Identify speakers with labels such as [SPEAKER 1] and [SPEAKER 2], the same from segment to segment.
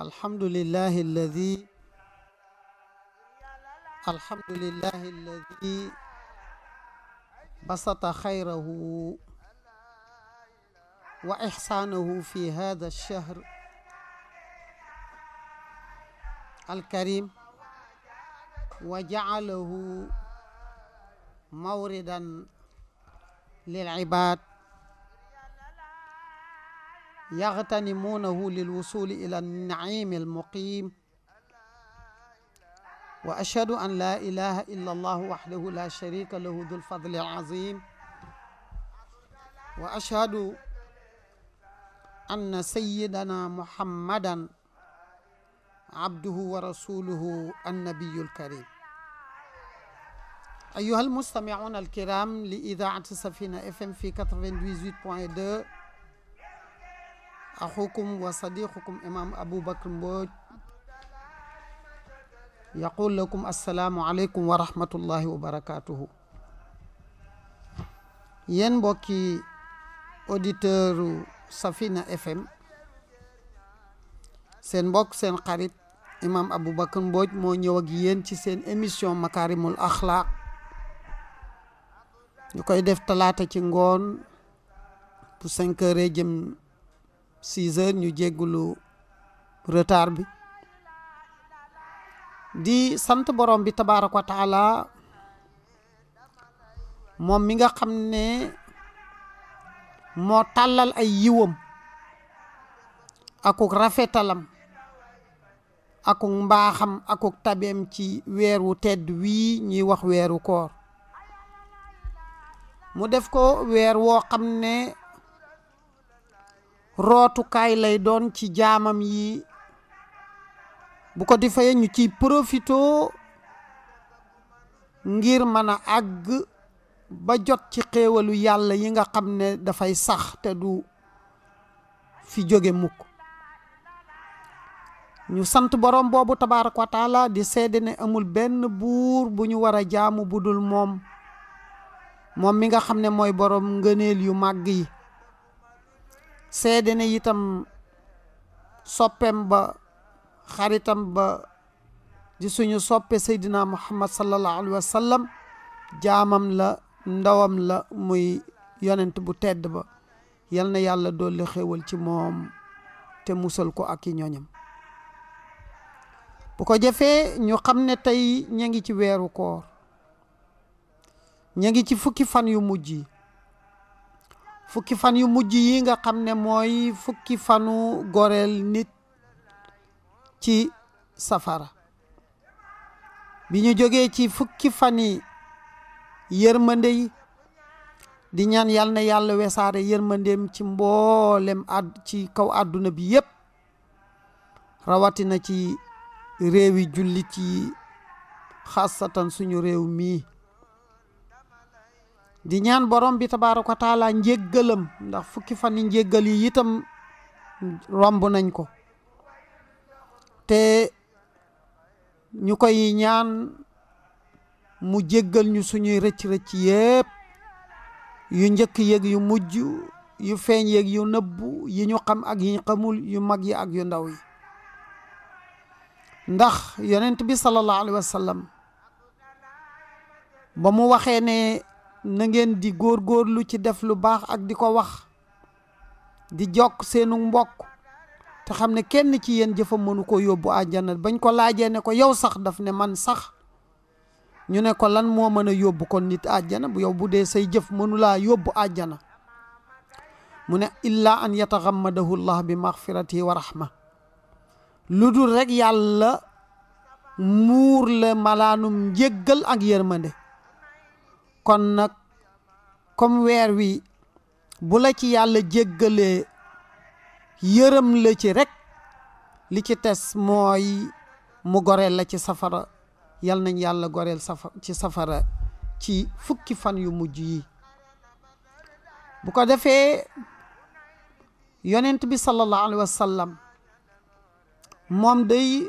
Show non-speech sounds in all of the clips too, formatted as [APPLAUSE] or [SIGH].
[SPEAKER 1] الحمد لله الذي الحمد لله الذي بسط خيره وإحسانه في هذا الشهر الكريم وجعله موردا للعباد يغتنمونه للوصول إلى النعيم المقيم وأشهد أن لا إله إلا الله وحده لا شريك له ذو الفضل العظيم وأشهد أن سيدنا محمدا عبده ورسوله النبي الكريم أيها المستمعون الكرام لإذاعة سفينة FM في 98.2 axukum wa sadiqukum imam Abu Bakr Mbodj yaqul lakum assalaamu aleykum wa rahmatullahi wa barakaatuhu yéen mbokki auditeuru Safina FM seen mbokk seen xarit imam Abu Bakr mbooj moo ñëw ak yéen ci seen émission makaarimul axlaaq ñu koy def talaata ci ngoon bu cinq heures jëm six heures ñu jéggulu retard bi di sant borom bi tabaaraka wa taala moom mi nga xam ne moo tàllal ay yiwam akuk rafetalam akuk mbaaxam akuk tabeem ci weeru tedd wii ñuy wax weeru koor mu def ko weer woo xam ne rootukaay lay doon ci jaamam yi bu ko defee ñu ciy profitoo ngir mën a àgg ba jot ci xéewalu yàlla yi nga xam ne dafay sax te du fi jóge mukk ñu sant borom boobu tabaaraka wa di seede amul benn buur bu ñu war a jaamu budul moom moom mi nga xam ne mooy borom ngëneel yu màgg yi seede ne itam soppeem ba xaritam ba di suñu soppe seydina muhammad sallallahu alayhi jaamam la ndawam la muy yonent bu tedd ba yal na yàlla dolli xéwal ci moom te musal ko ak i ñooñam bu ko jafee ñu xam ne tey ña ngi ci weeru koor ña ngi ci fukki fan yu mujj yi fukki fan yu mujj yi nga xam ne mooy fukki fanu goreel nit ci safara bi ñu jógee ci fukki fani yërmande yi di ñaan yal na yàlla wesaare yërmandeem ci mboolem àdd ci kaw àdduna bi yépp rawatina ci réewi jullit yi xaasatan suñu réew mii di ñaan borom bi tabaraka taala njéggalam ndax fukki fan yi njéggal yi itam romb nañ ko te ñu koy ñaan mu jéggal ñu suñuy rëcc-rëcc yépp yu njëkk yéeg yu mujj yu feeñ yéeg yu nëbb yi ñu xam ak yi xamul yu mag yi ak yu ndaw yi ndax yonent bi sallallahu alayhi wasallam ba mu waxee ne na ngeen di lu ci def lu baax ak di ko wax di jokk seenu mbokk te xam ne kenn ci yéen jëfam mënu ko yóbbu àjjana bañ ko laajee ne ko yow sax daf ne man sax ñu ne ko lan moo mën a yóbbu kon nit àjjana bu yow bu dee say jëf mënulaa yóbbu àjjana mu ne illaa an yataxammadahu llah bi maxfiratihi wa rahma lu dul rekk yàlla muur la malaanum njéggal ak yërmande kon nag comme weer wi bu la ci yàlla jéggalee yërëm la ci rekk li ci tes mooy mu goreel la ci safara yal nañ yàlla goreel ci safara ci fukki fan yu mujj yi bu ko defee yonent bi sallallahu alayhi wa sallam moom day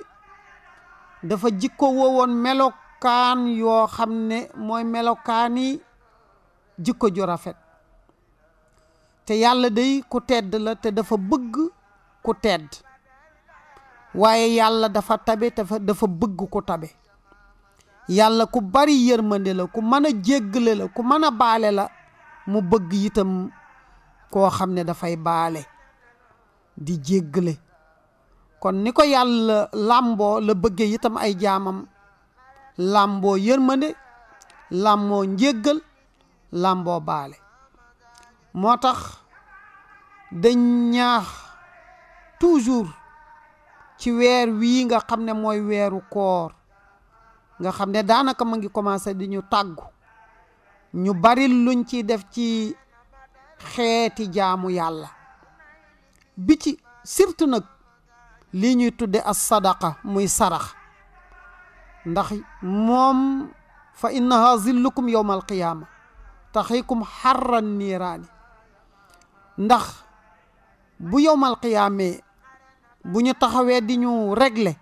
[SPEAKER 1] dafa jikko woowoon melook melokaan yoo xam ne mooy melokaani jikko ju rafet te yàlla day ku tedd la te dafa bëgg ku tedd waaye yàlla dafa tabe dafa dafa bëgg ku tabe yàlla ku bari yërmande la ku mën jéggle la ku mën a baale la mu bëgg itam koo xam ne dafay baale di jéggale kon ni ko yàlla làmboo la bëgge itam ay jaamam làmboo yërmande làmboo njéggal làmboo baale moo tax dañ ñaax toujours ci weer wii nga xam ne mooy weeru koor nga xam ne daanaka ma ngi commencé di ñu tàggu ñu bari luñ ci def ci xeeti jaamu yàlla bi ci surtout nag lii ñuy tudde as sadaqa muy sarax ndax moom fa innaha zillukum yowma alqiyaama taxikum xarran niiraani ndax bu yowmal qiyaamee bu ñu taxawee di ñu régler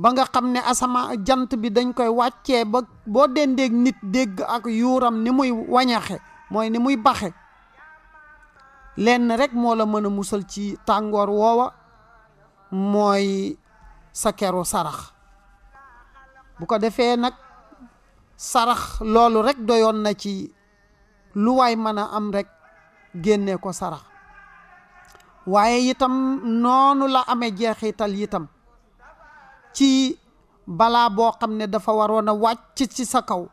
[SPEAKER 1] ba nga xam ne asama jant bi dañ koy wàccee ba boo dendeeg nit dégg ak yuuram ni muy wañaxe mooy ni muy baxe lenn rek moo la mën a musal ci tàngoor woowa mooy sa keru sarax bu ko defee nag sarax loolu rekk doyoon na ci lu waay mën a am rekk génne ko sarax waaye itam noonu la amee jeexital itam ci balaa boo xam ne dafa waroon a wàcc ci sa kaw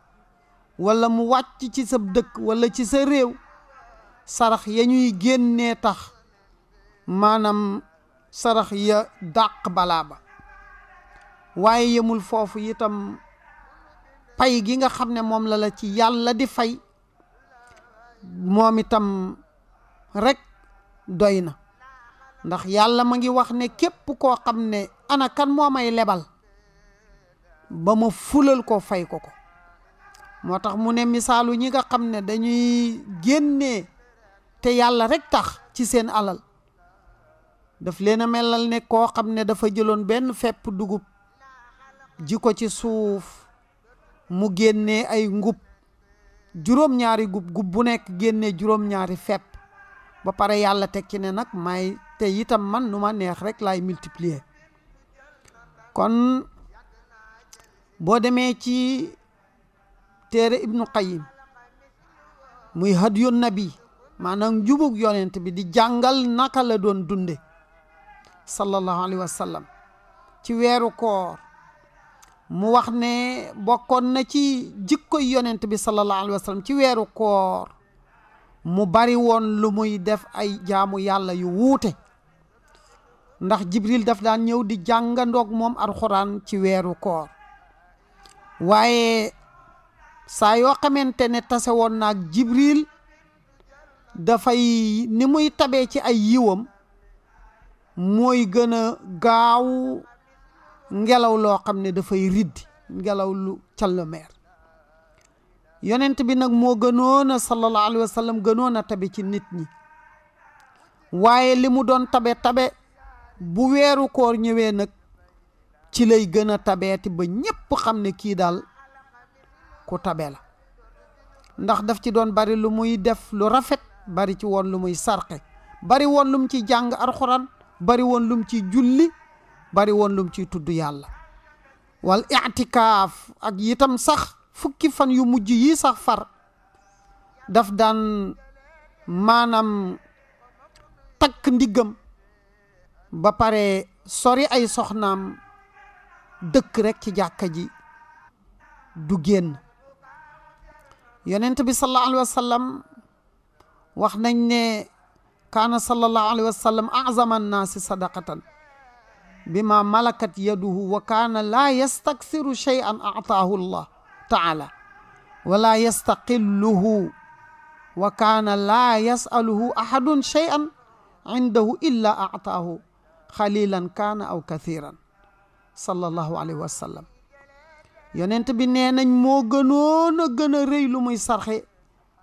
[SPEAKER 1] wala mu wàcc ci sa dëkk wala ci sa réew sarax ya ñuy génnee tax maanaam sarax ya dàq balaa ba waaye yemul foofu itam pay gi nga xam ne moom la la ci yàlla di fay moom itam rekk doy na ndax yàlla ma ngi wax ne képp koo xam ne ana kan moo may lebal ba ma fulal ko fay ko ko moo tax mu ne misaalu ñi nga xam ne dañuy génnee te yàlla rekk tax ci seen alal daf leen a melal ne koo xam ne dafa jëloon benn fepp dugub ji ko ci suuf mu génne ay ngub juróom-ñaari gub gub bu nekk génne juróom-ñaari fepp ba pare yàlla teg ci ne nag may te itam man nu ma neex rek laay multiplier kon boo demee ci téere ibnu qayim muy bi nabi maanaam jubug yonent bi di jàngal naka la doon dunde sallallahu alayhi wa ci weeru koor mu wax ne bokkoon na ci jikkoy yonent bi sallallahu alayhi ci weeru koor mu bari woon lu muy def ay jaamu yàlla yu wuute ndax jibril daf daan ñëw di jàngandoog moom alxuraan ci weeru koor waaye saa yoo xamante ne tase woon nag jibril dafay ni muy tabee ci ay yiwam mooy gën a gaaw ngelaw loo xam ne dafay riddi ngelaw lu calomer yonent bi nag moo gënoon a sallallahu alayhi wa gënoon a tabe ci nit ñi waaye li mu doon tabe tabe bu weeru koor ñëwee nag ci lay gën a tabeeti ba ñépp xam ne kii daal ku tabe la ndax daf ci doon bari lu muy def lu rafet bari ci woon lu muy sarxe bari woon lum ci jàng alxuraan bari woon lum ci julli bari woon lum ciy tudd yàlla wal itikaaf ak yitam sax fukki fan yu mujj yi sax far daf daan maanaam takk ndiggam ba pare sori ay soxnaam dëkk rekk ci jàkka ji du génn yonent bi sallallahu alayhi wa sallam wax nañ ne kaana sallallahu alayhi wa sallam azama annaasi sadaqatan بما ملكت يده وكان لا يستكثر شيئا أعطاه الله تعالى ولا يستقله وكان لا يسأله أحد شيئا عنده إلا أعطاه خليلا كان أو كثيرا صلى الله عليه وسلم يننت بنينا مو غنونا غنى ري لومي سارخي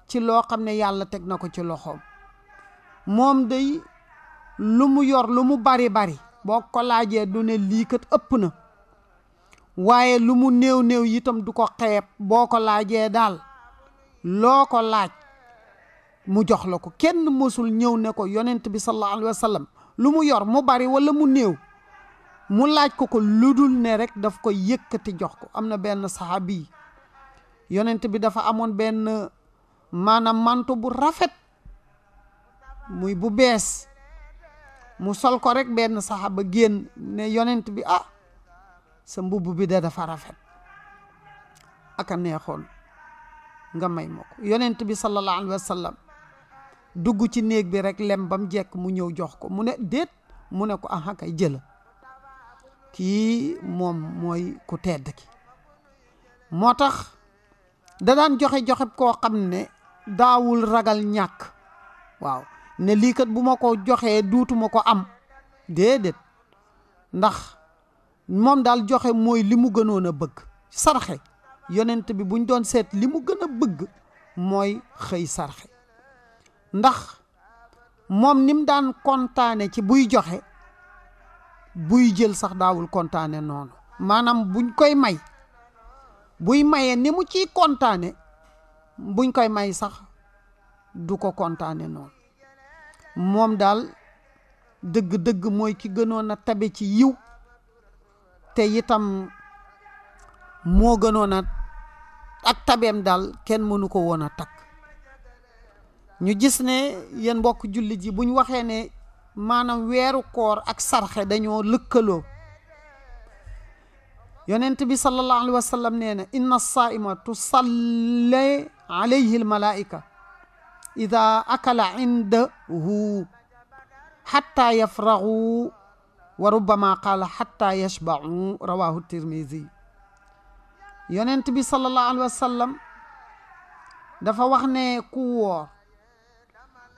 [SPEAKER 1] تي لو خامن يالا تك نكو تي لوخوم موم دي لومو يور لومو باري باري boo ko laajee du ne lii kat ëpp na waaye lu mu néew néew yitam du ko xeeb boo ko laajee daal loo ko laaj mu jox la ko kenn mësul ñëw ne ko yonent bi sallallahu alayhi wa lu mu yor mu bari walla mu néew mu laaj ko ko lu dul ne rekk daf ko yëkkati jox ko am na benn saxaabi yonent bi dafa amoon benn maanaam manto bu rafet muy bu bees mu sol ko rek benn saxaaba génn ne yonent bi ah sa mbubb bi da dafa rafet aka neexoon nga may ma ko yonent bi sallallahu alayhi wa sallam dugg ci néeg bi rek lem ba mu jekk mu ñëw jox ko mu ne déet mu ne ko aha kay jëla kii moom mooy ku tedd ki moo tax da daan joxe joxe koo xam ne daawul ragal ñàkk waaw ne liikat bu ma ko joxee duutuma ko am déedéet ndax moom daal joxe mooy li mu gënoon a bëgg sarxe yonent bi buñ doon seet li mu gën a bëgg mooy xëy sarxe ndax moom nim daan kontaane ci buy joxe buy jël sax daawul kontaane noonu maanaam buñ koy may buy maye ni mu ciy kontaane buñ koy may sax du ko kontaane noonu moom daal dëgg-dëgg mooy ki gënoon a tabe ci yiw te itam moo gënoon a ak tabem daal kenn mënu ko woon a takk ñu gis ne yéen mbokk jullit yi buñ waxee ne maanaam weeru koor ak sarxe dañoo lëkkaloo yonent bi sallallahu alayhi wa sallam nee na inna saa'ima tusalli alayhi al malaa'ika ida akala indahu xatta yafraxu wa rubbama qaala xatta yashbacu rawahu tirmisi yonent bi salallahu alayhi wa sallam dafa wax ne ku woor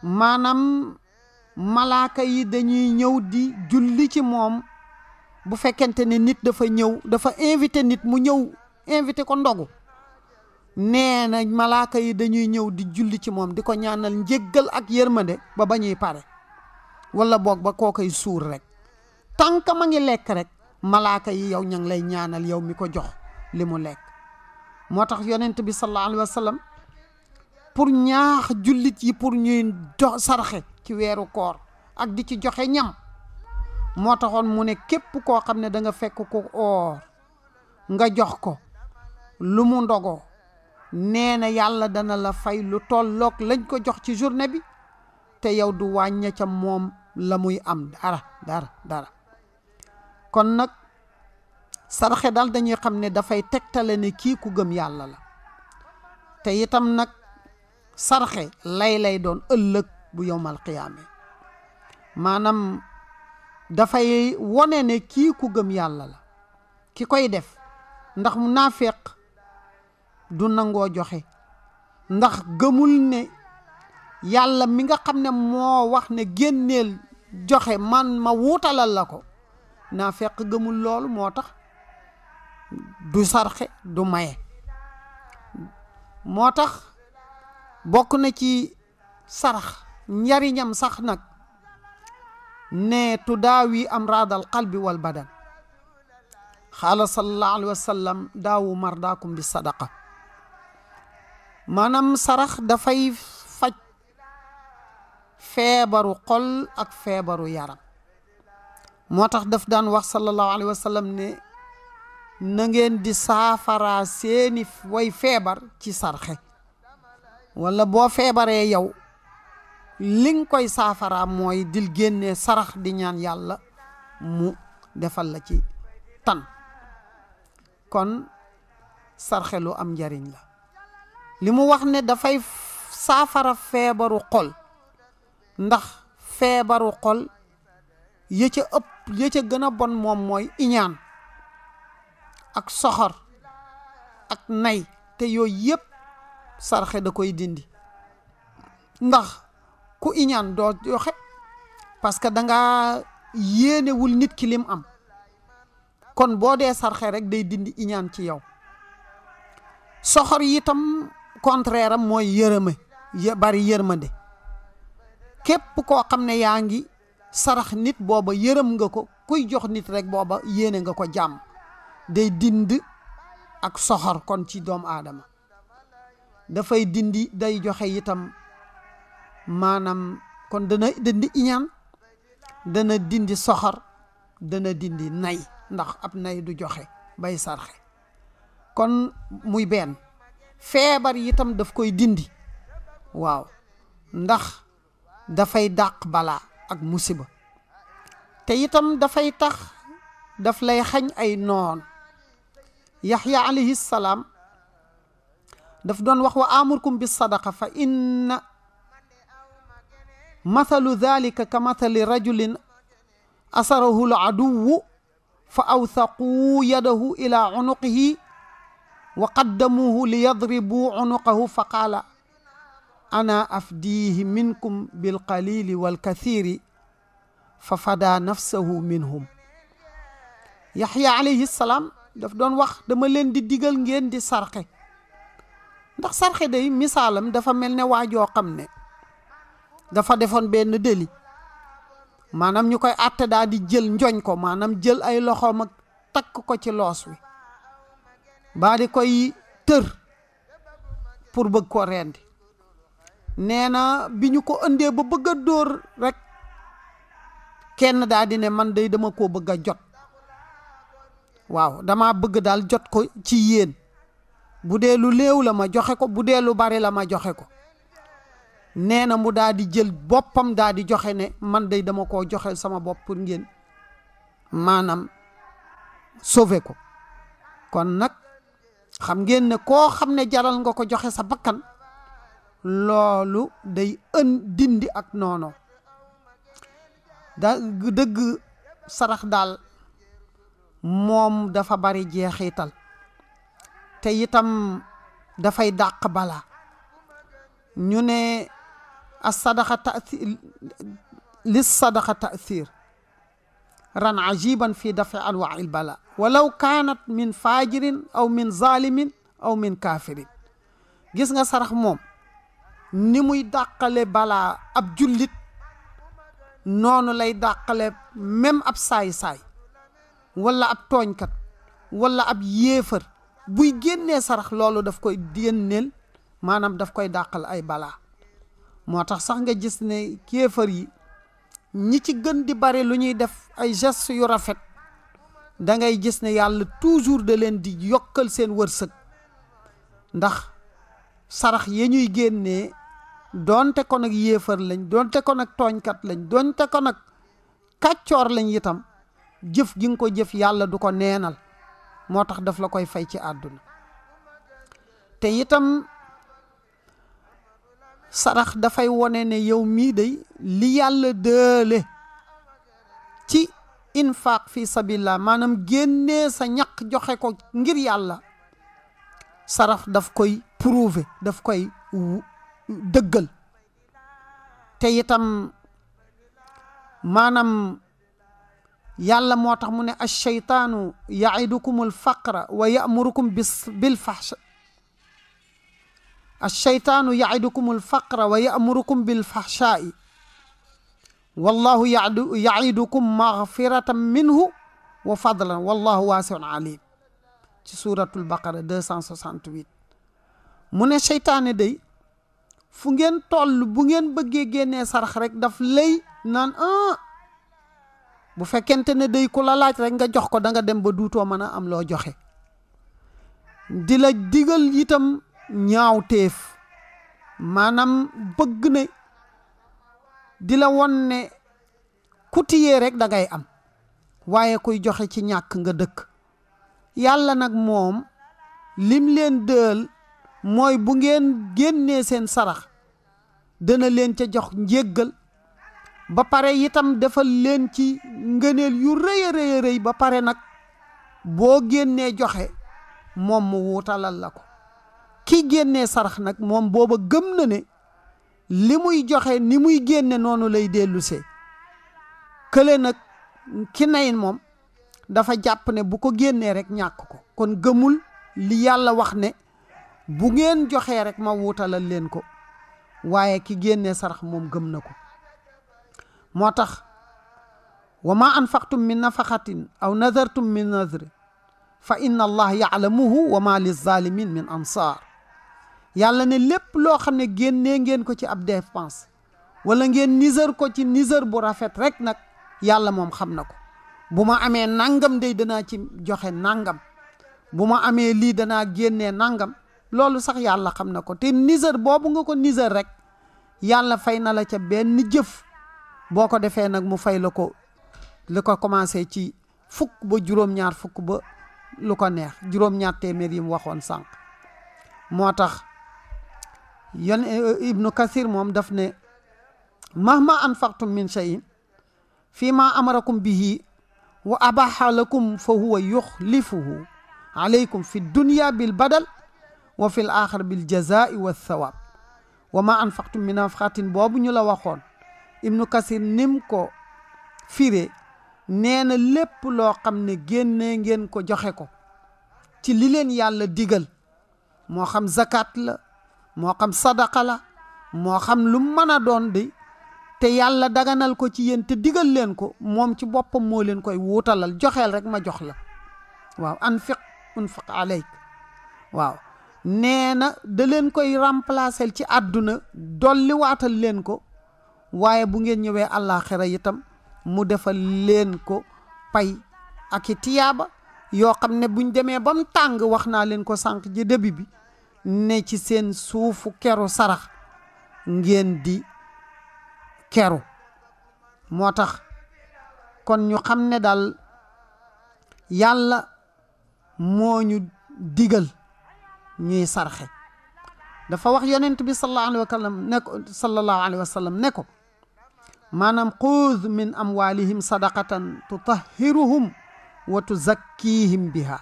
[SPEAKER 1] maanaam malaaka yi dañuy ñëw di julli moom bu fekkente ne nit dafa ñëw dafa invité nit mu ñëw invité ko ndogu nee na malaaka yi dañuy ñëw di julli ci moom di ko ñaanal njéggal ak yërmande ba ba ñuy pare wala boog ba kookoy suur rek tànk a ngi lekk rek malaaka yi yow ña ngi lay ñaanal yow mi ko jox li mu lekk moo tax yonent bi sallallahu alayhi pour ñaax jullit yi pour ñuy do sarxe ci weeru koor ak di ci joxe ñam moo taxoon mu ne képp koo xam ne danga fekk ko oor nga jox ko lu mu ndogo neena yàlla dana la fay lu tollok lañ ko jox ci journée bi te yow du wañe ca mom la muy am dara dara dara kon nak saraxe dal dañuy xamné da fay tektale ni ki ku gëm yàlla la te itam nak sarxe lay lay doon ëlëk bu yowmal qiyamé manam da fay wone ne ki ku gëm yàlla la ki koy def ndax mu naafeq du nango joxe ndax gëmul ne yàlla mi nga xam ne moo wax ne génneel joxe man ma wuutalal la ko naa fekk gëmul loolu moo tax du sarxe du maye moo tax bokk na ci sarax njariñam sax nag ne tu tudaawi amraadal qalbi wal badan xaala sallallahu alayhi wa sallam daawu mardaakum bi sadaqa manam sarax da fay faj febaru xol ak febaru yaram motax daf dan wax sallallahu alaihi wasallam ne na ngeen di safara seeni way febar ci sarxe wala bo febare yow ling koy safara moy dil genné sarax di ñaan yàlla mu defal la ci tan kon sarxelu am jariñ la li mu wax ne dafay saafara feebaru xol ndax feebaru xol ya ca ëpp ya ca gën a bon moom mooy iñaan ak soxor ak nay te yooyu yëpp sarxe da koy dindi ndax ku iñaan doo joxe parce que danga yéenewul nit ki lim am kon boo dee sarxe rek day dindi iñaan ci yow soxor yitam contraire mooy yërëme bari yërmande képp koo xam ne yaa ngi sarax nit booba yërëm nga ko kuy jox nit rek booba yéene nga ko jàmm day dind ak soxor kon ci doomu aadama dafay dindi day joxe itam maanaam kon dana dindi iñaan dana dindi soxor dana dindi nay ndax ab nay du joxe bay sarxe kon muy benn feebar yitam daf koy dindi waaw ndax dafay dàq balaa ak musiba te itam dafay tax daf lay xañ ay noon yaxya alayhi salaam daf doon wax wa amurkum bi sadaqa fa inna mathalu dhalika ka mathali rajulin asarahu al aduwu fa awthaquu yadahu ila unuqihi وقدموه ليضربوا عنقه فقال أنا أفديه منكم بالقليل والكثير ففدى نفسه منهم yaxya alayhi salaam daf doon wax dama leen di digal ngeen di sarxe ndax sarxe day misaalam dafa mel ne waajoo xam ne dafa defoon benn deli maanaam ñu koy àtte daa di jël njoñ ko maanaam jël ay loxoom ak takk ko ci loos wi baa di koy tër pour bëgg ko rendi nee na bi ñu ko ëndee ba bëgg dóor rek kenn daa di ne man day dama koo bëgg jot waaw dama bëgg daal jot ko ci yéen bu dee lu léew la ma joxe ko bu dee lu bari la ma joxe ko nee na mu daa di jël boppam daa di joxe ne man day dama koo joxe sama bopp pour ngeen maanaam sauver ko kon nag xam ngeen ne koo xam ne jaral nga ko joxe sa bakkan loolu day ën dindi ak noono da dëgg sarax daal moom dafa bari jeexital te itam dafay dàq bala ñu ne as sadaxa tasir lis sadaxa tasir رن عجيبا في دفع أنواع البلاء ولو كانت من فاجر أو من ظالم أو من كافر gis nga sarax moom ni muy dàqale balaa ab jullit noonu lay dàqale même ab saay-saay wala ab tooñkat wala ab yéefar buy génnee sarax loolu daf koy génneel maanaam daf koy dàqal ay balaa moo tax sax nga gis ne kéefar yi ñi ci gën di bari lu ñuy def ay gestes yu rafet da ngay gis ne yàlla toujours de leen di yokkal seen wërsëg ndax sarax ya ñuy génnee doonte ko nag yéefar lañ doonte ko nag tooñkat lañ doonte ko nag kàccoor lañ itam jëf gi nga ko jëf yàlla du ko neenal moo tax daf la koy fay ci àdduna te itam sarax dafay wone ne yow mii day li yàlla dëële ci infaaq fi sabilillah maanaam génnee sa ñaq joxe ko ngir yàlla sarax daf koy prouve daf koy dëggal te itam maanaam yàlla moo tax mu ne alcheytaanu yaidukum alfaqra wa yamurukum bis bilfaxsha الشيطان يعدكم الفقر ويأمركم بالفحشاء والله يعدكم مغفرة منه وفضلا والله واسع عليم ci suuratul baqara 268 من الشيطان دي فنجن طول بنجن بجيجين سرخ رك دف لي نان rek ah! bu fekkente ne day ko la laaj rek nga jox ko da nga dem ba duutoo mën a am loo joxe di la digal itam ñaawteef maanaam bëgg na di la won ne ku tiyee rek da ngay am waaye kuy joxe ci ñàkk nga dëkk yàlla nag moom lim leen dël mooy bu ngeen génnee seen sarax dana leen ca jox njéggal ba pare itam defal leen ci ngëneel yu rëy a rëy ba pare nag boo génnee joxe moom mu wuutalal la ko ki génné sarax nak mom boba gëm na ne limuy joxe ni muy génne nonu lay dellusee kële nak ki nayin mom dafa jàpp ne bu ko génné rek ñak ko kon gëmul li yàlla wax ne bu ngeen joxé rek ma wuutalal leen ko waye ki génné sarax mom gëm nako motax moo tax wa ma anfaqtum min nafaqatin aw nadartum min nadri fa inna allah yaalamuhu wa ma min ansaar yàlla ne lépp loo xam ne génne ngeen ko ci ab dépense wala ngeen nisër ko ci nisër bu rafet rek nag yàlla moom xam na ko bu ma amee nangam day danaa ci joxe nangam bu ma amee lii danaa génnee nangam loolu sax yàlla xam na ko te nisër boobu nga ko nisër rek yàlla fay na la ca benn jëf boo ko defee nag mu fay la ko li ko commencé ci fukk ba juróom-ñaar fukk ba lu ko neex juróom-ñaar téeméer yi waxoon sànq moo tax ابن كثير مهم دفن مهما انفقتم من شيء فيما امركم به واباح لكم فهو يخلفه عليكم في الدنيا بالبدل وفي الاخر بالجزاء والثواب وما انفقتم من نفقات بوب نيو لا ابن كثير نمكو فيري نينا لب لو خامني ген نين كو جوخيكو تي لي لين يالا ديغال مو خام زكاه moo xam sadaqa la moo xam lu mën a doon di te yàlla daganal ko ci yéen te digal leen ko moom ci boppam moo leen koy wuutalal joxeel rek ma jox la waaw anfiq unfiq aleyk waaw nee na da leen koy remplacer ci àdduna dolli waatal leen ko waaye bu ngeen ñëwee àllaaxira itam mu defal leen ko pay ak tiyaaba yoo xam ne buñ demee ba mu tàng wax naa leen ko sànq ji début bi ne ci seen suufu keru sarax ngeen di keru moo tax kon ñu xam ne dal yàlla moo ñu digal ñuy sarxe dafa wax yeneen bi sallallahu alayhi wa sallam ne ko sallallahu alayhi wa sallam ne ko maanaam xuud min amwalihim sadaqatan tutahhiruhum wa tuzakkihim biha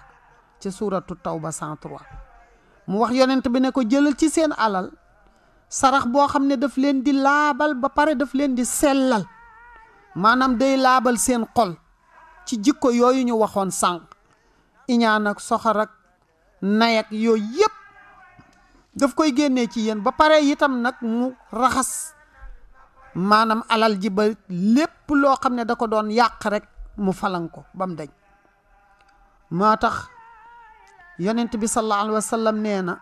[SPEAKER 1] ci suratu tawba 103 mu wax yonent bi ne ko jëlal ci seen alal sarax boo xam ne daf leen di laabal ba pare daf leen di selal manam day laabal seen xol ci jikko yooyu ñu waxoon sànq iñaan ak soxar ak nay ak yooyu yépp daf koy génnee ci yéen ba pare itam nag mu raxas maanaam alal ji ba lépp loo xam ne da ko doon yàq rek mu falan ko bam dañ يونت بي صلى الله عليه وسلم نينا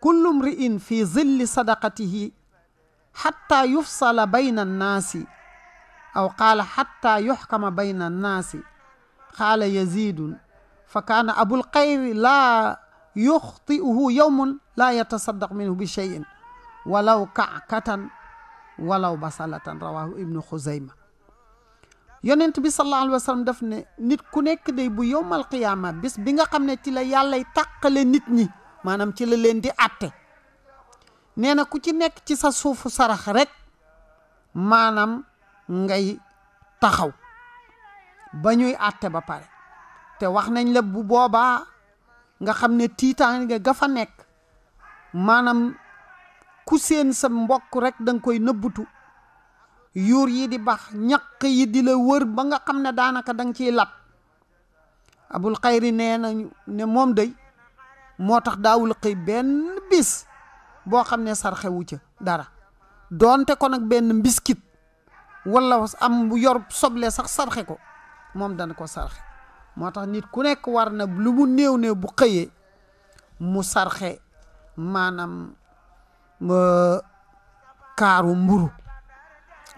[SPEAKER 1] كل امرئ في ظل صدقته حتى يفصل بين الناس او قال حتى يحكم بين الناس قال يزيد فكان ابو القير لا يخطئه يوم لا يتصدق منه بشيء ولو كعكة ولو بصلة رواه ابن خزيمة yonent bi sallallahu alayhi wa def ne nit ku nekk day bu yowmal qiyaama bis bi nga xam ne ci la yàllay tàqale nit ñi maanaam ci la leen di àtte nee na ku ci nekk ci sa suufu sarax rekk maanaam ngay taxaw ba ñuy àtte ba pare te wax nañ la bu boobaa nga xam ne tiitaange ga fa nekk maanaam ku seen sa mbokk rekk danga koy nëbbutu yuur yii di baax ñaq yi di la wër ba nga xam ne daanaka danga ciy lab abul xayri nee nañu ne moom day moo tax daawul xëy benn bis boo xam ne sarxewu ca dara doonte ko nag benn mbiskit wala am yor soble sax sarxe ko moom dana ko sarxe moo tax nit ku nekk war na lu mu néew ne bu xëyee mu sarxe maanaam euh, kaaru mburu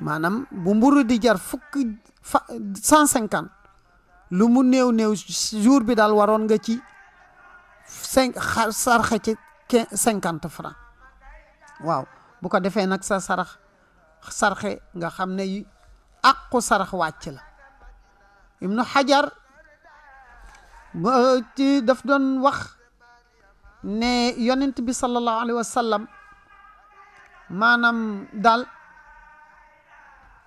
[SPEAKER 1] manam bu mburu di jar fukk 150 lu mu new new jour bi dal waron nga ci 5 sarxa ci 50 francs waaw bu ko defé nak sa sarax sarxe nga xamné ne àqu sarax wàcc la ibnu hajar ci daf don wax ne yonent bi sallallahu alayhi wa sallam maanaam daal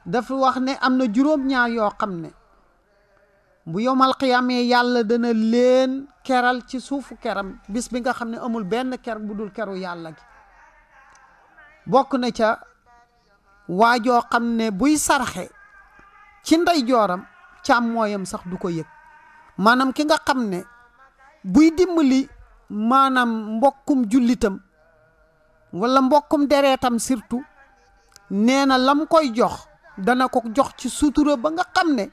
[SPEAKER 1] dafa wax ne am na juróom-ñaar yoo xam ne bu yomal xiyaamee yàlla dana leen keral ci suufu keram bis bi nga xam ne amul benn ker bu dul keru yàlla gi bokk na ca waajoo xam ne buy sarxe ci ndeyjooram jooram càmmooyam sax du ko yëg maanaam ki nga xam ne buy dimbali maanaam mbokkum jullitam wala mbokkum deretam surtout nee na lam koy jox dana ko jox ci sutura ba nga xamne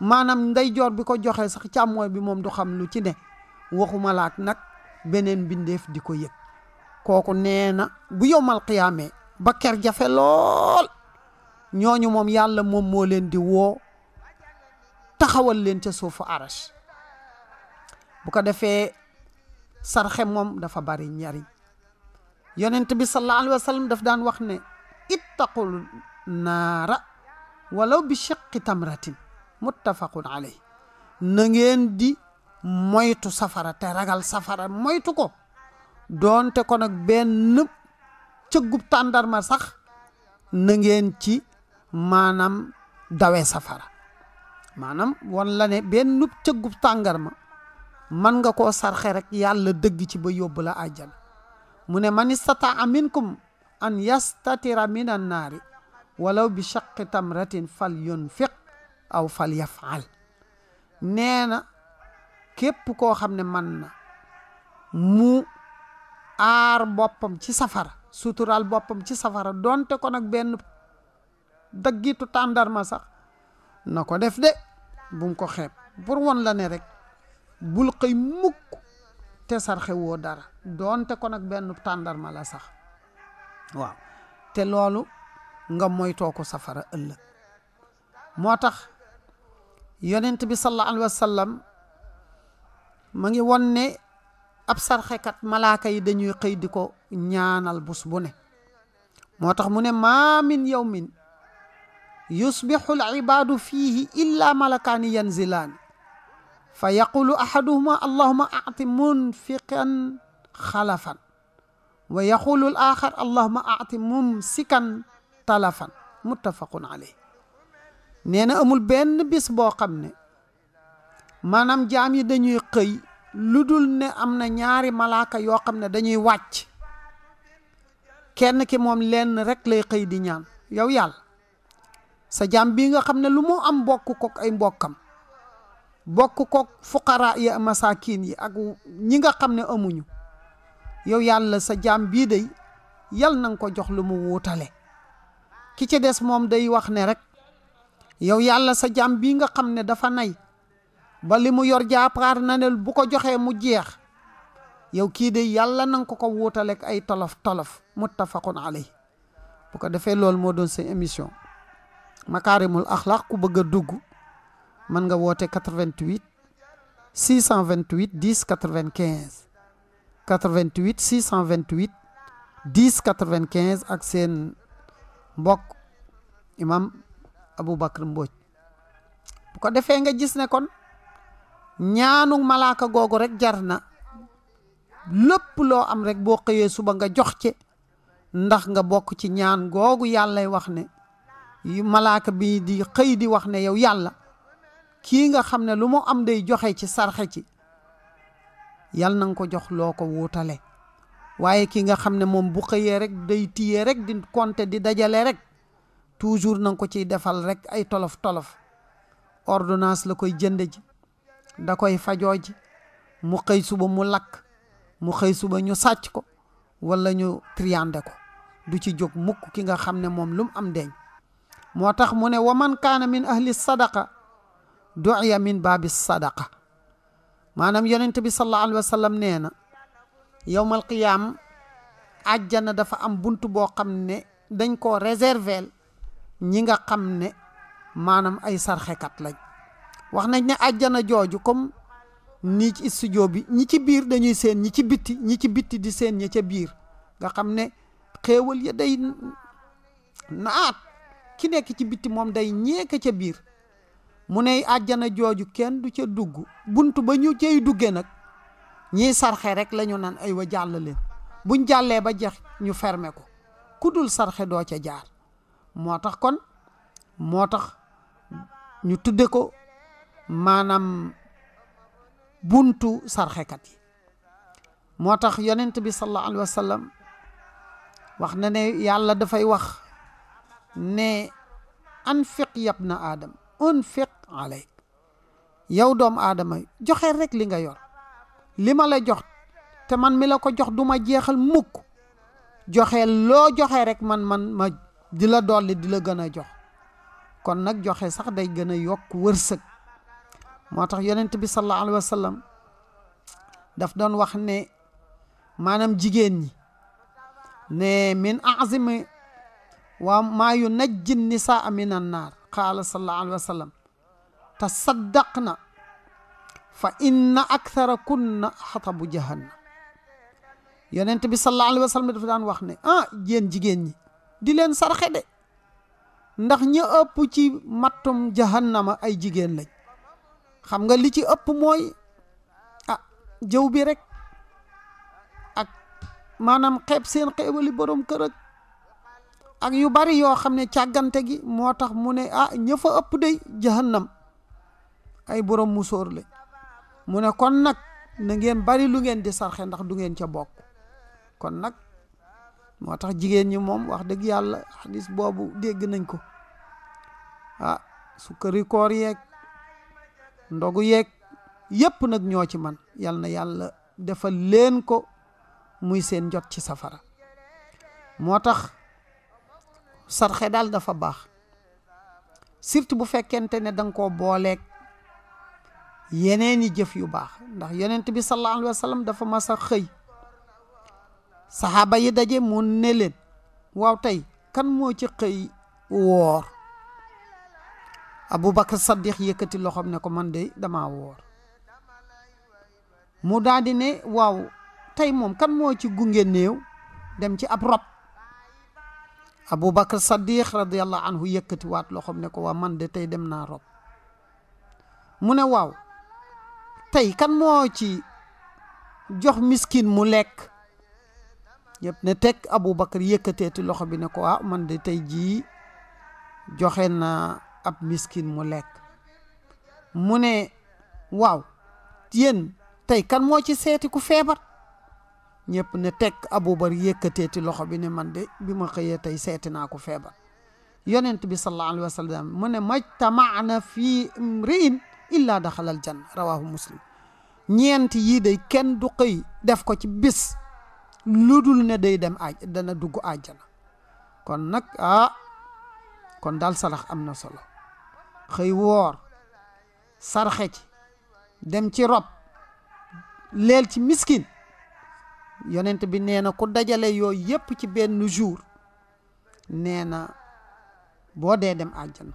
[SPEAKER 1] manam maanaam jor bi ko joxe sax chamoy bi mom du xam lu ci ne waxuma lat nak benen bindef diko ko koku neena na bu yowmal qiyamé ba ker jafé lol ñoñu mom yalla mom mo len di wo taxawal len ci sofu arash bu ko defé sarxe mom dafa bari ñari yonent bi sallallahu alaihi wasallam daf daan wax ne ittaqul naara walaw bi shiqqi tamratin muttafaqun alayh na di moytu safara te ragal safara moytu ko doonte ko nag benn cëggub tàndarma sax na ngeen ci maanaam dawe safara maanaam wan la ne benn cëggub tàndarma man nga ko sarxe rek yàlla dëgg ci ba yóbbu la mu ne man istataa minkum an yastatira min an naari walaw bi shaqi tamratin fal yunfiq aw fal yafaal nee na képp koo xam ne man na mu aar boppam ci safara suturaal boppam ci safara donte ko nag benn daggitu tàndarma sax na ko def de bum ko xeeb pour won la ne rek bul xëy mukk te sarxe woo dara donte ko nag benn tàndarma la sax waaw te loolu nga moytoo ko safara ëllëg moo tax yonent bi sallallahu alayhi wasallam ma ngi won ne ab sarxekat malaaka yi dañuy xëy di ko ñaanal bus bu ne moo tax mu ne maa min yawmin yusbixu alibaadu fiihi illa malakaani yanzilaani fa yaqulu ahaduhuma allahuma ati munfiqan xalafan wa yaqulu al axar allahuma talafan muttafaqun aley neena amul benn bis boo xam ne maanaam jaam yi dañuy xëy lu dul ne am na ñaari malaaka yoo xam ne dañuy wàcc kenn ki moom lenn rek lay xëy di ñaan yow yàlla sa jaam bii nga xam ne lu mu am bokk kook ay mbokkam bokk kook fuqara yi masakin yi ak ñi nga xam ne amuñu yow yàlla sa jaam bii day yal na ko jox lu mu wuutale ki ci dess mom day wax ne rek yow yalla sa jam bi nga xamne dafa nay ba limu mu yor jaapaar na ne bu ko joxe mu jeex yow ki de yalla nang ko ko wuutaleeg ay tolof tolof muttafaqun alay bu ko defé lol mo doon sen émission makarimul akhlaq ku bëgg dugg nga woote 88 628 10 95 88 628 10 95 ak sen mbokk imam Aboubacar Mbodj bu ko defee nga gis ne kon ñaanu malaaka googu rek jar na lépp loo am rek boo xëyee suba nga jox ci ndax nga bokk ci ñaan googu yàllay wax ne malaaka bi di xëy di wax ne yow yàlla kii nga xam ne lu mu am day joxe ci sarxe ci yàlla na ko jox loo ko wuutale waaye ki nga xam ne moom bu xëyee rek day téye rek di konte di dajale rek toujours na ko ciy defal rek ay tolof tolof ordonnance la koy jënd ji da koy fajoo ji mu xëy suba mu lakk mu xëy suba ñu sàcc ko wala ñu triande ko du ci jóg mukk ki nga xam ne moom lu mu am deñ moo tax mu ne wa man kaana min ahli sadaqa du'iya min baabi sadaqa maanaam yonent bi sallallahu alayhi wa sallam nee na yowmal qiyaam àjjana dafa am bunt boo xam ne dañ koo réserver ñi nga xam ne maanaam ay sarxekat lañ wax nañ ne àjjana jooju comme nii ci studio bi ñi ci biir dañuy seen ñi ci bitti ñi ci bitti di seen ñi ca biir nga xam ne xéewal ya day naat ki nekk ci bitti moom day ñeeka ca biir mu ne àjjana jooju kenn du ca dugg bunt ba ñu cay duggee nag ñiy sarxe rek la ñu naan ay wa jàll leen buñ jàllee ba jeex ñu ferme ko ku dul sarxe doo ca jaar moo tax kon moo tax ñu tudde ko maanaam buntu sarxekat yi moo tax yonent bi sallallahu alayhi sallam wax na ne yàlla dafay wax ne anfiq yabna aadam unfiq aleyk yow doom aadama joxe rek li nga yor li ma la jox te man mi la ko jox duma jeexal mukk joxe loo joxe rek man man ma di la dolli di la gën a jox kon nag joxe sax day gën a yokk wërsëg moo tax yonent bi sallallahu alayhi wa sallam daf doon wax ne maanaam jigéen ñi ne min azimi waa maa yu najji nisaa min an naar qaala sallallahu alayhi wa sallam tasaddaq na fa inna akthara kunna xatabu jahannam yonent bi sallallahu alayhi wa sallam dafa daan wax ne ah yéen jigéen ñi di leen sarxe de ndax ñi ëpp ci mattum jahannama ay jigéen lañ xam nga li ci ëpp mooy ah jëw bi rek ak maanaam xeeb seen xeebali borom kër ak ak yu bari yoo xam ne càggante gi moo tax mu ne ah ña fa ëpp day jahannam ay borom musóor lañ mu ne kon nag na ngeen bari lu ngeen di sarxe ndax du ngeen ca bokk kon nag moo tax jigéen ñi moom wax dëgg yàlla xadis boobu dégg nañ ko ah sukkari koor yeeg ndogu yeeg yépp nag ñoo ci man yal na yàlla defal leen ko muy seen jot ci safara moo tax sarxe daal dafa baax surtout bu fekkente ne danga ko booleek yeneen yeneeni jëf yu baax ndax yonent bi sallallahu alayhi dafa mas a xëy saxaaba yi daje mu ne leen waaw tey kan moo ci xëy woor abu Abubakar Saddiq yëkkati loxoom ne ko man de dama woor mu daal ne waaw tey moom kan moo ci gunge néew dem ci ab rob Abubakar Saddiq radiyallahu anhu yëkkati waat loxoom ne ko waa man de tey dem naa rob mu ne waaw tey kan moo ci jox miskin mu lekk ñëpp ne teg Aboubacar ti loxo bi ne ko ah man de tey jii joxe na ab miskin mu lekk mu ne waaw yéen tey kan moo ci seeti ku feebar ñëpp ne teg Aboubacar yëkkateeti loxo bi ne man de bi ma xëyee tey seeti naa ku feebar yonent bi sallallahu alayhi wa sallam mu ne majtamaana fi imriin illa daxalal janna rawahu muslim ñeent yii day kenn du xëy def ko ci bis lu dul ne day dem aj dana dugg àjjana kon nag ah kon dal salax am na solo xëy woor sarxe ci dem ci rob leel ci miskin yonent bi nee na ku dajale yooyu yépp ci benn jour nee na boo dee dem àjjana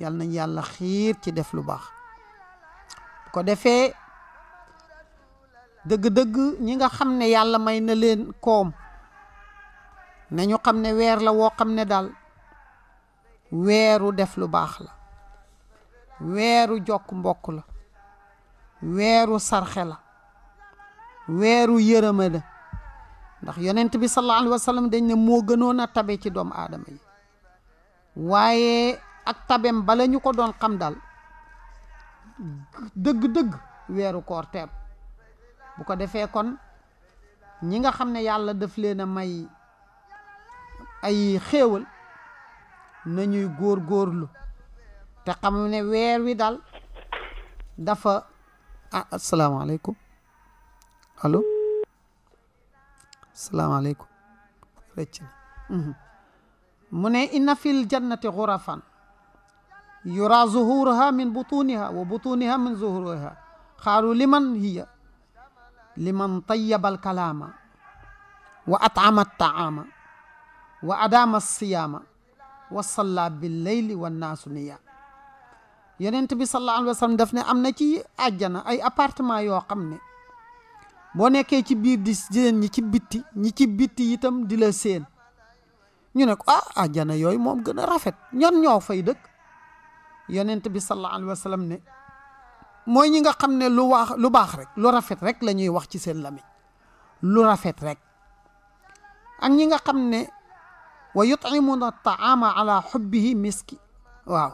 [SPEAKER 1] yal nañ yàlla xiir ci def lu baax ko defee dëgg-dëgg ñi nga xam ne yàlla may na leen koom nañu xam ne weer la woo xam ne daal weeru def lu baax la weeru jokk mbokk la weeru sarxe la weeru yërëma la ndax yonent bi sallallahu alayhi wa dañ ne moo gënoon a tabe ci doomu aadama yi waaye ak tabem bala ñu ko doon xam daal dëgg-dëgg weeru koor bu ko defee kon ñi nga xam ne yàlla daf leen a may ay xéewal nañuy góor góorlu te xam ne weer wi dal dafa ah asalaamaaleykum allo asalaamaaleykum rëcc na mu ne inna fil jannati xurafan yura zuhuruha min butuniha wa butuniha min zuhuruha xaaru liman hiya liman tayyaba alkalaama wa at'ama altaama wa adaama alsiyaama wa salla billeyli wannaasu niya yonent bi sallallahu alayhi wa sallam daf ne am na ci àjjana ay appartement yoo xam ne boo nekkee ci biir di seen ñi ci bitti ñi ci bitti itam di la seen ñu ne ko ah àjjana yooyu moom gën a rafet ñan ñoo fay dëkk yonent bi sallallahu alayhi wa sallam ne mooy ñi nga xam ne lu wax lu baax rek lu rafet rek la ñuy wax ci seen lamiñ lu rafet rek ak ñi nga xam ne wa yutcimuuna taama ala xubbihi miski waaw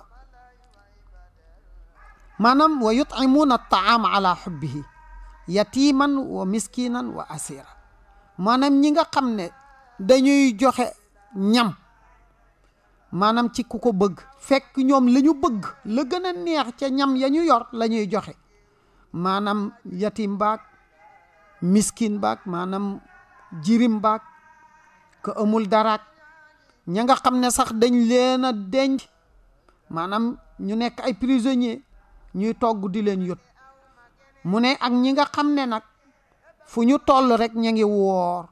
[SPEAKER 1] maanaam wa yutcimuuna taama ala xubbihi yatiman wa miskinan wa asira maanaam ñi nga xam ne dañuy joxe ñam manam ci kuko bëgg fekk ñoom lañu bëgg la gën neex ca ñam ya ñu yor lañuy joxe manam yatim baak miskin baak manam jirim baak ka amul daraak ña nga xam ne sax dañ leen a denc ñu nekk ay prisonnier ñuy togg di leen yot mu ne ak ñi nga xam ne fu ñu toll rek ña ngi woor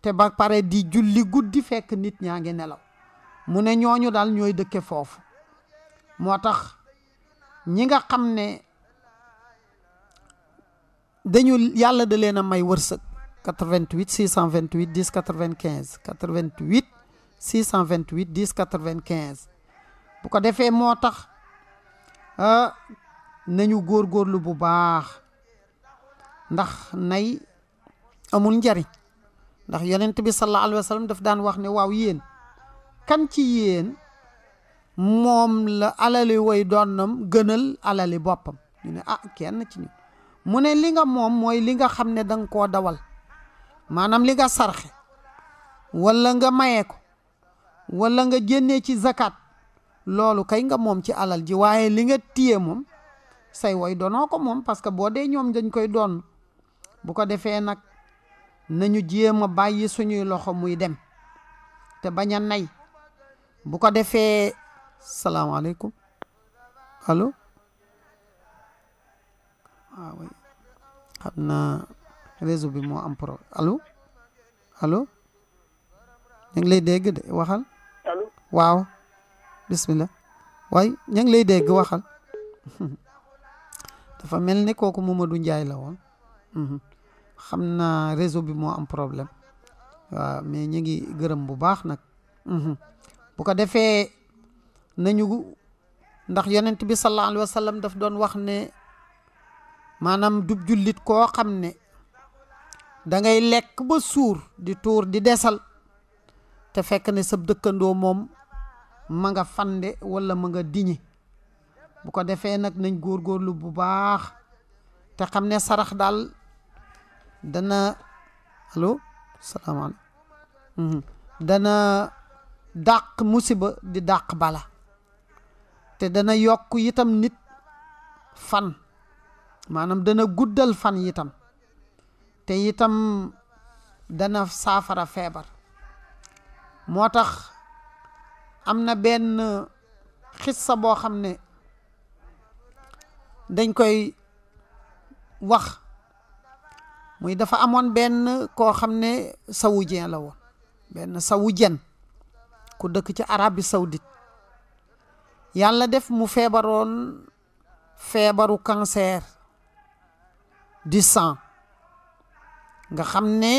[SPEAKER 1] te ba pare di julli guddi fekk nit ñaa ngi nelaw mu ne ñooñu daal ñooy dëkke foofu moo tax ñi nga xam ne dañu yàlla da leen a may wërsëg 88 628 10 95 88 628 10 95 bu ko defee moo tax euh, nañu góor góorlu bu baax ndax nay amul njariñ ndax yonent bi sallallahu alayhi wa sallam daf daan wax ne waaw yéen kan ci yéen moom la alali way doonam gënal alali boppam ñu ne ah kenn ci ñu mu ne li nga moom mooy li nga xam ne danga koo dawal maanaam li nga sarxe walla nga maye ko walla nga génnee ci zakat loolu kay nga moom ci alal ji waaye li nga tiye moom say woy donoo ko moom parce que boo dee ñoom dañ koy doon bu ko defee nag nañu jéem a bàyyi suñuy loxo muy dem te bañ a nay bu ko defee salaamaaleykum allo waaw ah xam na réseau bi moo am pro allo allo ñu ngi lay dégg de waxal waaw bismillah waay ñu ngi lay dégg waxal [LAUGHS] dafa mel ni kooku Mamadou Ndiaye la woon mhm. xam naa réseau bi moo am problème waaw mais ñu ngi gërëm bu baax nag mhm. bu ko defee nañu ndax yonent bi sallallahu alayhi wasallam daf doon wax ne manam dub julit ko xam ne da ngay lek ba sour di tour di desal te fekk ne sa dekkando mom ma nga fande wala ma nga diñe bu ko defé nak nañ lu bu baax te xam sarax dal dana allo salaamaaleykum mhm. dana dàq musiba di dàq bala te dana yokk yitam nit fan maanaam dana guddal fan yitam te yitam dana saafara feebar moo tax am na benn xissa boo xam ne dañ koy wax muy dafa amoon benn koo xam ne sawu la woon benn sawu ku dëkk ci Arabie Saoudite yàlla def mu feebaroon feebaru cancer du sang nga xam ne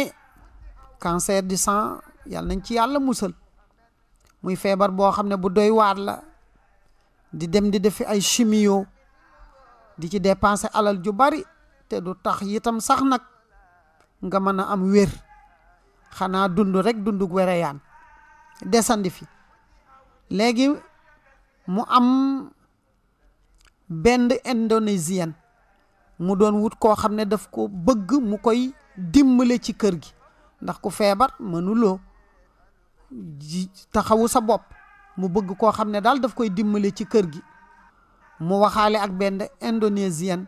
[SPEAKER 1] cancer du sang yàlla nañ ci yàlla musal muy feebar boo xam ne bu doy waar la di dem di defi ay chimio di ci dépenser alal ju bari te du tax yitam sax nag nga mën a am wér xanaa dund rek dund wereyaan desandi fi léegi mu am benn indonésienne mu doon wut koo xam ne daf ko bëgg mu koy dimbale ci kër gi ndax ku feebar mënuloo ji taxawu sa bopp mu bëgg koo xam ne daal daf koy dimbale ci kër gi mu waxaale ak benn indonésienne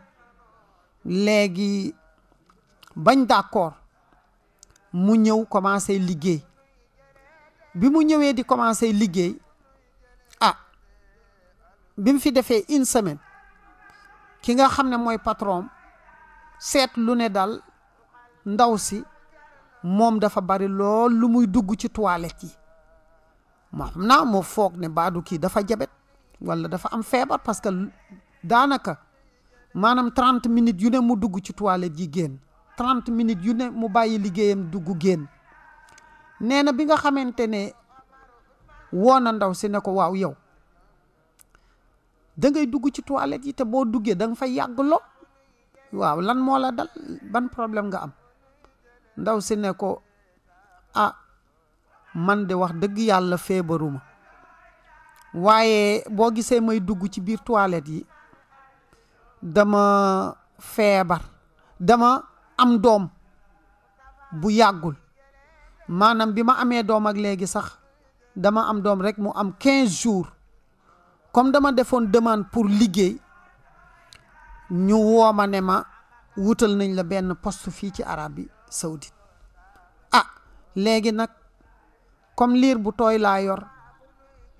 [SPEAKER 1] léegi bañ d'accord mu ñëw commencé liggéey bi mu ñëwee di commencé liggéey ah bi mu fi defee une semaine ki nga xam ne mooy patron seet lu ne daal ndaw si moom dafa bari lool lu muy dugg ci toilette yi ma xam naa moo foog ne baadu kii dafa jabet walla dafa am feebar parce que daanaka maanaam trente minutes yu ne mu dugg ci toilette yi génn trente minutes yu ne mu bàyyi liggéeyam dugg génn nee na bi nga xamante ne woo na ndaw si ne ko waaw yow dangay dugg ci toilette yi te boo duggee danga nga fay yàgg lo waaw lan moo la dal ban problème nga am ndaw si ne ko ah man de wax dëgg yàlla feebaruma waaye boo gisee may dugg ci biir toilette yi dama feebar dama am doom bu yàggul maanaam bi ma amee doom ak léegi sax dama am doom rek mu am quinze jours comme dama defoon demande pour liggéey ñu wooma ne ma wutal nañ la benn poste fii ci Arabie Saoudite ah léegi nag comme liir bu tooy laa yor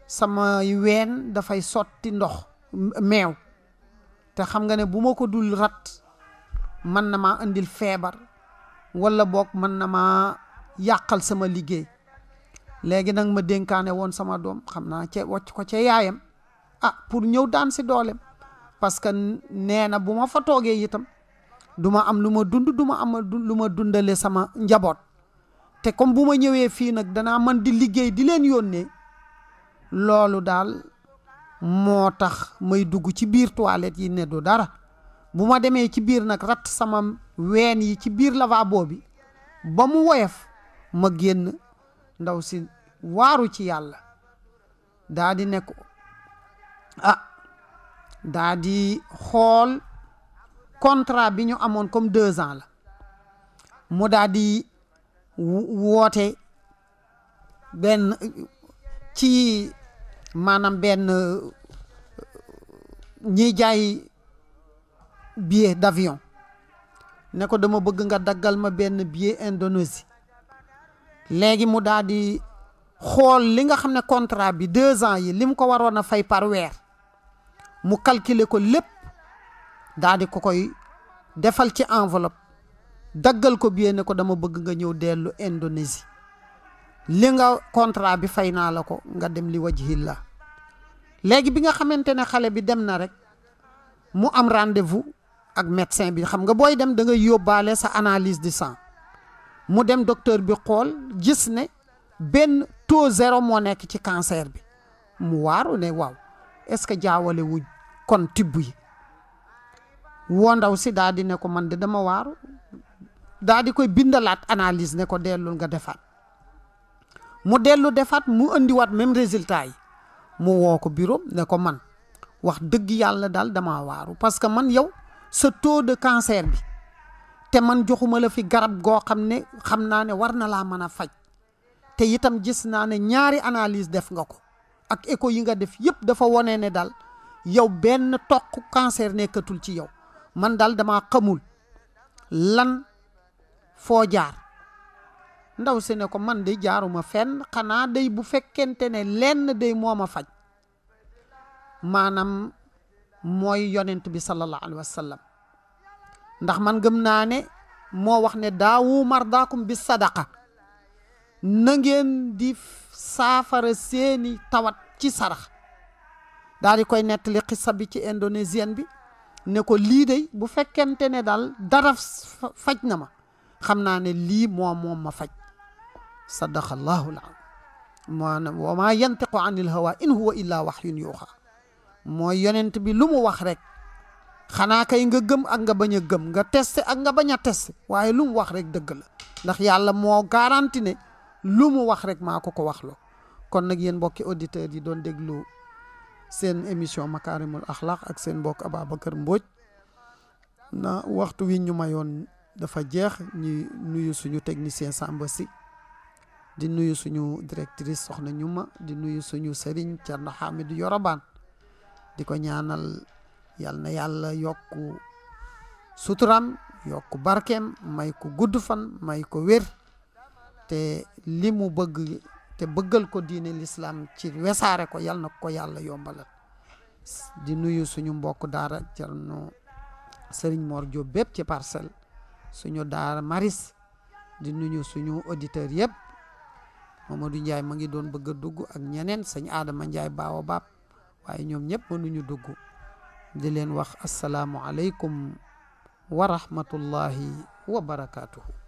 [SPEAKER 1] samay ween dafay sotti ndox meew te xam nga ne bu ma ko dul rat mën na maa indil feebar walla boog mën na maa yàqal sama liggéey léegi nag ma dénkaane woon sama doom xam naa ce wàcc ko ca yaayam ah pour ñëw daan si dooleem parce que nee na bu ma fa toogee itam du ma am lu ma dund du ma am lu ma dundale sama njaboot te comme bu ma ñëwee fii nag danaa mën di liggéey di leen yónnee loolu daal moo tax may dugg ci biir toilette yi ne du dara bu ma demee ci biir nag rat sama ween yi ci biir lavabo bi ba mu woyof ma génn ndaw si waaru ci yàlla daadi di nekk ah daadi xool contrat bi ñu amoon comme deux ans la mu daa woote benn ci maanaam benn ñiy jaay billet d'avion ne ko dama bëgg nga daggal ma benn billet Indonésie léegi mu daal di xool li nga xam ne contrat bi deux ans yi li mu ko waroon a fay par weer mu calculer ko lépp daal di ko koy defal ci enveloppe daggal ko biyee ne ko dama bëgg nga ñëw dellu Indonésie li nga contrat bi fay naa la ko nga dem li wajhillah léegi bi nga xamante ne xale bi dem na rek mu am rendez-vous ak médecin bi xam nga booy dem da nga yóbbaale sa analyse du sang mu dem docteur bi xool gis ne benn taux zéro moo nekk ci cancer bi mu waaru ne waaw est-ce que jaawale wuñ kon tibb yi woo ndaw si daal di ne ko man de dama waaru daal di koy bindalaat analise ne ko dellul nga defaat mu dellu defaat mu indiwaat même résultat yi mu woo ko bureau ne ko man wax dëgg yàlla daal dama waaru parce que man yow sa taux de cancer bi te man joxuma la fi garab goo xam ne xam naa ne war na laa mën a faj te itam gis naa ne ñaari analise def nga ko ak écho yi nga def yëpp dafa wone ne dal yow benn toq cancer nekkatul ci yow man dal dama xamul lan foo jaar ndaw si ne ko man de jaaruma fenn xanaa day bu fekkente ne lenn moom a faj maanam mooy yonent bi sallallahu alayhi wa sallam ndax man gëm naa ne moo wax ne daawu mardaakum bi sadaqa na ngeen di saafara seeni tawat ci sarax daal di koy nettali xissa bi ci indonésienne bi ne ko lii day bu fekkente ne daal dara faj na ma xam naa ne lii moom moom ma faj sadaqa allahu la maanaam wa maa yantiqu an il hawa in huwa illa waxyun yuuxa mooy yonent bi lu mu wax rek xanaa kay nga gëm ak nga bañ a gëm nga testé ak nga bañ a testé waaye lu wax rek dëgg la ndax yàlla moo garanti ne lu mu wax rek maa ko ko wax loo kon nag yéen mbokki auditeurs yi doon déglu bok émission makaarimul axlaq ak seen mbokk Ababacar Mbodj na waxtu wi ñu mayoon dafa jeex ñu nuyu suñu technicien Samba si di nuyu suñu directrice soxna ñuma di nuyu suñu sëriñ Thierno Hamidou Yorobaan di ko ñaanal yal na yàlla yokku suturam yokku barkeem may ko gudd fan may ko wér te li mu bëgg te bëggal ko diine lislaam ci wesaare ko yal na ko yàlla yombalal di nuyu suñu mbokk daara Cerno Sëriñ Mor Diop bépp ci parcelle suñu daara maris di nuyu suñu auditeurs yëpp Mamadou Ndiaye ma ngi doon bëgg a dugg ak ñeneen sëñ aadama Ndiaye baawo baab waaye ñoom ñëpp mënuñu dugg di leen wax asalaamualeykum wa rahmatullahi wa barakaatuhu.